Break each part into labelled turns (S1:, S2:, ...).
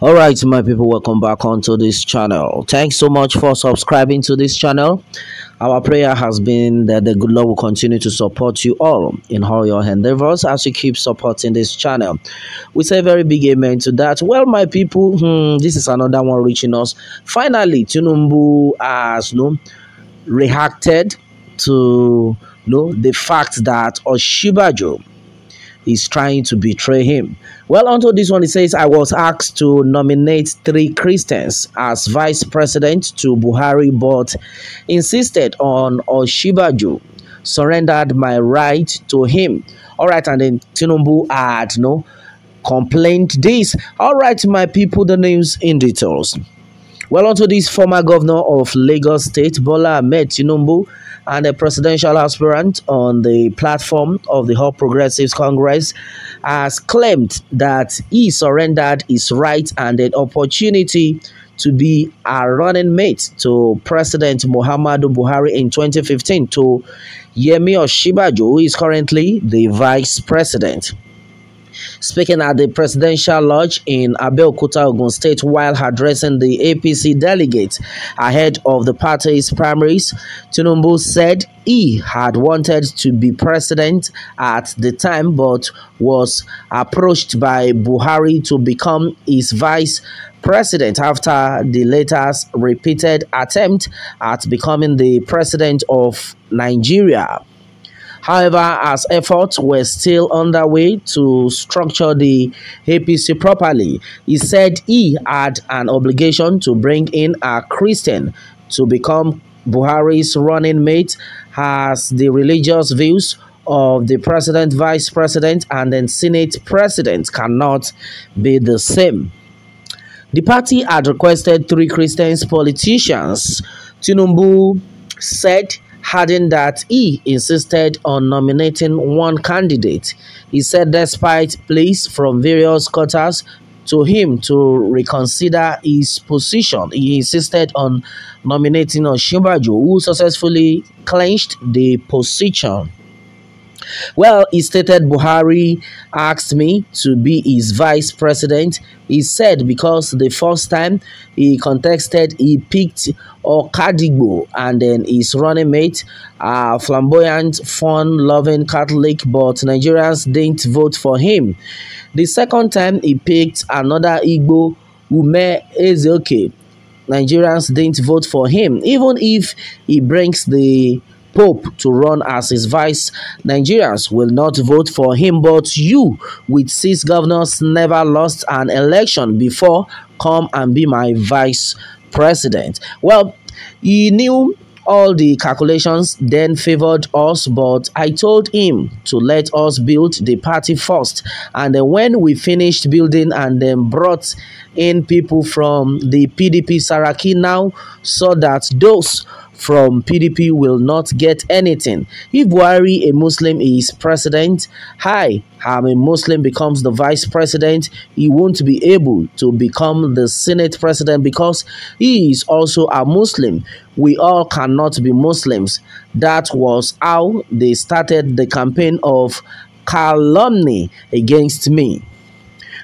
S1: all right my people welcome back onto this channel thanks so much for subscribing to this channel our prayer has been that the good lord will continue to support you all in all your endeavors as you keep supporting this channel we say very big amen to that well my people hmm, this is another one reaching us finally tunumbu has no reacted to you know, the fact that oshibajo is trying to betray him. Well, onto this one, it says, I was asked to nominate three Christians as vice president to Buhari, but insisted on Oshibaju, surrendered my right to him. All right, and then Tinubu had no complaint. this. All right, my people, the names in details. Well, onto this former governor of Lagos State, Bola Ahmed Tinubu, and a presidential aspirant on the platform of the Hope Progressives Congress, has claimed that he surrendered his right and an opportunity to be a running mate to President Muhammadu Buhari in 2015 to Yemi Oshibajo, who is currently the vice president. Speaking at the presidential lodge in Abeokuta, Ogun State, while addressing the APC delegates ahead of the party's primaries, Tinubu said he had wanted to be president at the time but was approached by Buhari to become his vice president after the latter's repeated attempt at becoming the president of Nigeria. However, as efforts were still underway to structure the APC properly, he said he had an obligation to bring in a Christian to become Buhari's running mate as the religious views of the president, vice president, and then senate president cannot be the same. The party had requested three Christians politicians. Tinubu said adding that he insisted on nominating one candidate. He said despite pleas from various quarters to him to reconsider his position, he insisted on nominating Oshimbajo, who successfully clinched the position. Well, he stated Buhari asked me to be his vice president. He said because the first time he contested, he picked Okadigbo and then his running mate, a flamboyant, fun-loving Catholic, but Nigerians didn't vote for him. The second time he picked another Igbo, Ume Ezeoke. Nigerians didn't vote for him, even if he brings the Pope to run as his vice, Nigerians will not vote for him but you, with six governors never lost an election before, come and be my vice president. Well, he knew all the calculations then favored us, but I told him to let us build the party first. And then when we finished building and then brought in people from the PDP Saraki now, so that those from PDP will not get anything. If Buhari, a Muslim, is president, hi, I'm a Muslim, becomes the vice president, he won't be able to become the Senate president because he is also a Muslim. We all cannot be Muslims. That was how they started the campaign of calumny against me.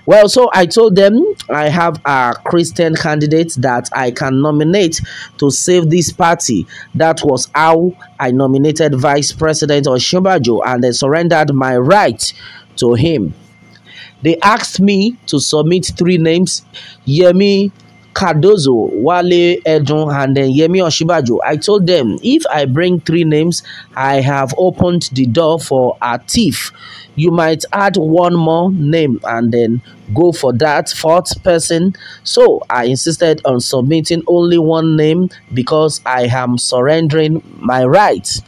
S1: Well, so I told them I have a Christian candidate that I can nominate to save this party. That was how I nominated Vice President Oshimbajo and I surrendered my right to him. They asked me to submit three names Yemi Cardozo, Wale Edun, and then Yemi Oshibajo. I told them if I bring three names, I have opened the door for a thief. You might add one more name and then go for that fourth person. So I insisted on submitting only one name because I am surrendering my rights.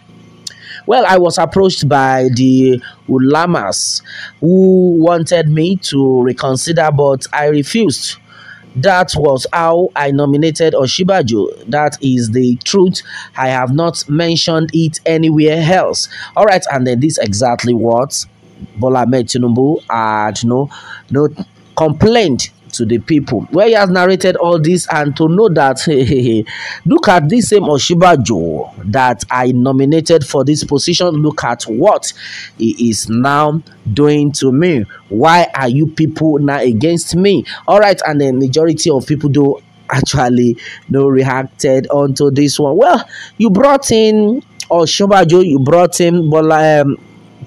S1: Well, I was approached by the ulamas who wanted me to reconsider, but I refused. That was how I nominated Oshibajo. That is the truth. I have not mentioned it anywhere else. All right, and then this exactly what Bola Metinumbu had no no complaint to the people. Where he has narrated all this and to know that, look at this same Oshiba Joe that I nominated for this position. Look at what he is now doing to me. Why are you people now against me? All right, and the majority of people do actually no reacted onto this one. Well, you brought in Joe. you brought in but um,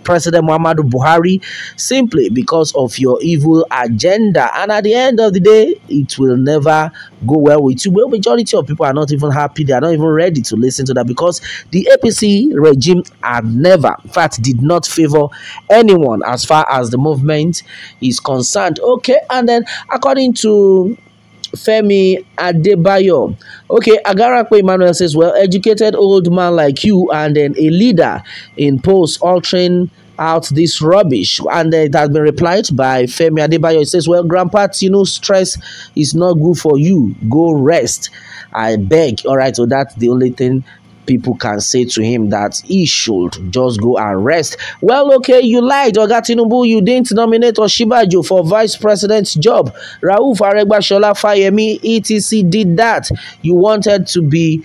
S1: President Muhammadu Buhari simply because of your evil agenda. And at the end of the day, it will never go well with you. Well, majority of people are not even happy. They are not even ready to listen to that because the APC regime had never, in fact, did not favor anyone as far as the movement is concerned. Okay, and then according to Femi Adebayo. Okay, Agarakwe Emmanuel says, well, educated old man like you and then a leader in post altering out this rubbish. And uh, it has been replied by Femi Adebayo. He says, well, Grandpa you know, stress is not good for you. Go rest. I beg. All right, so that's the only thing people can say to him that he should just go and rest. Well, okay, you lied, Oga Tinubu. You didn't nominate Oshibajo for vice president's job. Rauf Aregba Shola Fayemi, etc. did that. You wanted to be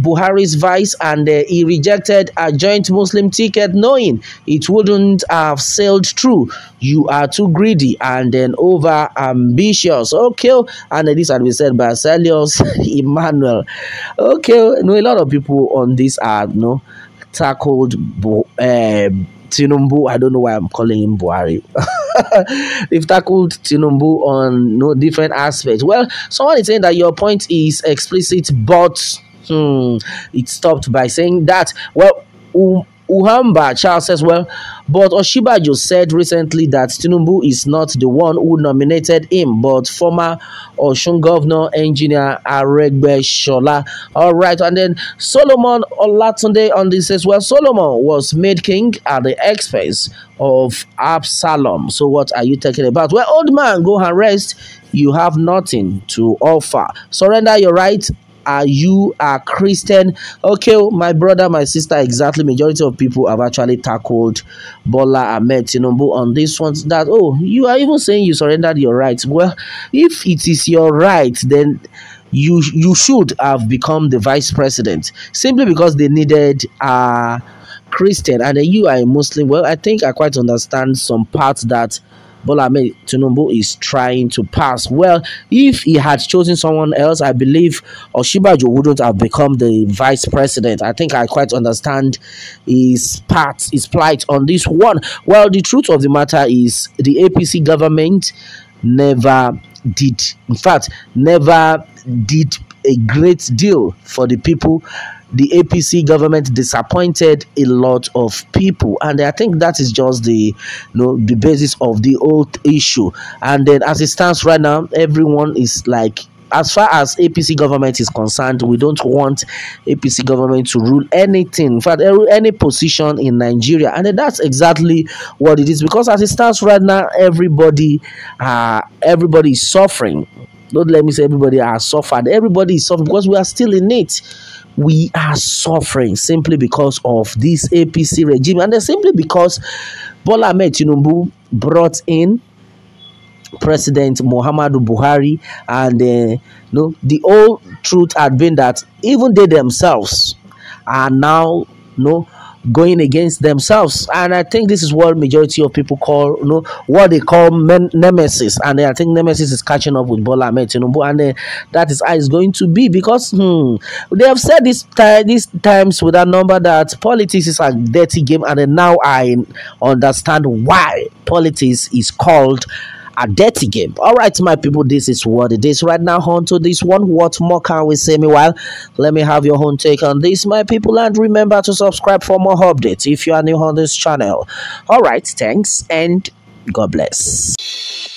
S1: Buhari's vice and uh, he rejected a joint Muslim ticket knowing it wouldn't have sailed through. You are too greedy and then uh, over ambitious. Okay, and this had been said by Celius Emmanuel. Okay, you know, a lot of people on this are you know, tackled uh, um, Tinumbu. I don't know why I'm calling him Buhari. They've tackled Tinumbu on you no know, different aspects. Well, someone is saying that your point is explicit, but Hmm, it stopped by saying that. Well, um, Uhamba Charles says, well, but Oshiba just said recently that Tinubu is not the one who nominated him, but former Oshun Governor Engineer Aregbe Shola. All right, and then Solomon Olatunde on this says, well, Solomon was made king at the expense of Absalom. So what are you talking about? Well, old man, go and rest. You have nothing to offer. Surrender your right are you a Christian? Okay, oh, my brother, my sister, exactly. Majority of people have actually tackled Bola Ahmed Tinubu on this one. That oh, you are even saying you surrendered your rights. Well, if it is your right, then you you should have become the vice president simply because they needed a Christian and you are a Muslim. Well, I think I quite understand some parts that Bola Ahmed Tinubu is trying to pass. Well, if he had chosen someone else, I believe Oshibajo wouldn't have become the vice president. I think I quite understand his part, his plight on this one. Well, the truth of the matter is the APC government never did, in fact, never did a great deal for the people the APC government disappointed a lot of people, and I think that is just the you know the basis of the old issue. And then as it stands right now, everyone is like as far as APC government is concerned, we don't want APC government to rule anything, in fact, eh, any position in Nigeria. And that's exactly what it is because as it stands right now, everybody, uh, everybody is suffering. Don't let me say everybody has suffered. Everybody is suffering because we are still in it we are suffering simply because of this APC regime, and simply because Bola Ahmed Tinubu brought in President Muhammadu Buhari, and uh, you no, know, the old truth had been that even they themselves are now you no. Know, going against themselves and i think this is what majority of people call you know what they call men, nemesis and i think nemesis is catching up with bola Ahmed and uh, that is how it's going to be because hmm, they have said this time these times with a number that politics is a dirty game and uh, now i understand why politics is called a dirty game. All right, my people, this is what it is right now. On to this one. What more can we say? Meanwhile, let me have your own take on this, my people, and remember to subscribe for more updates if you are new on this channel. All right, thanks and God bless.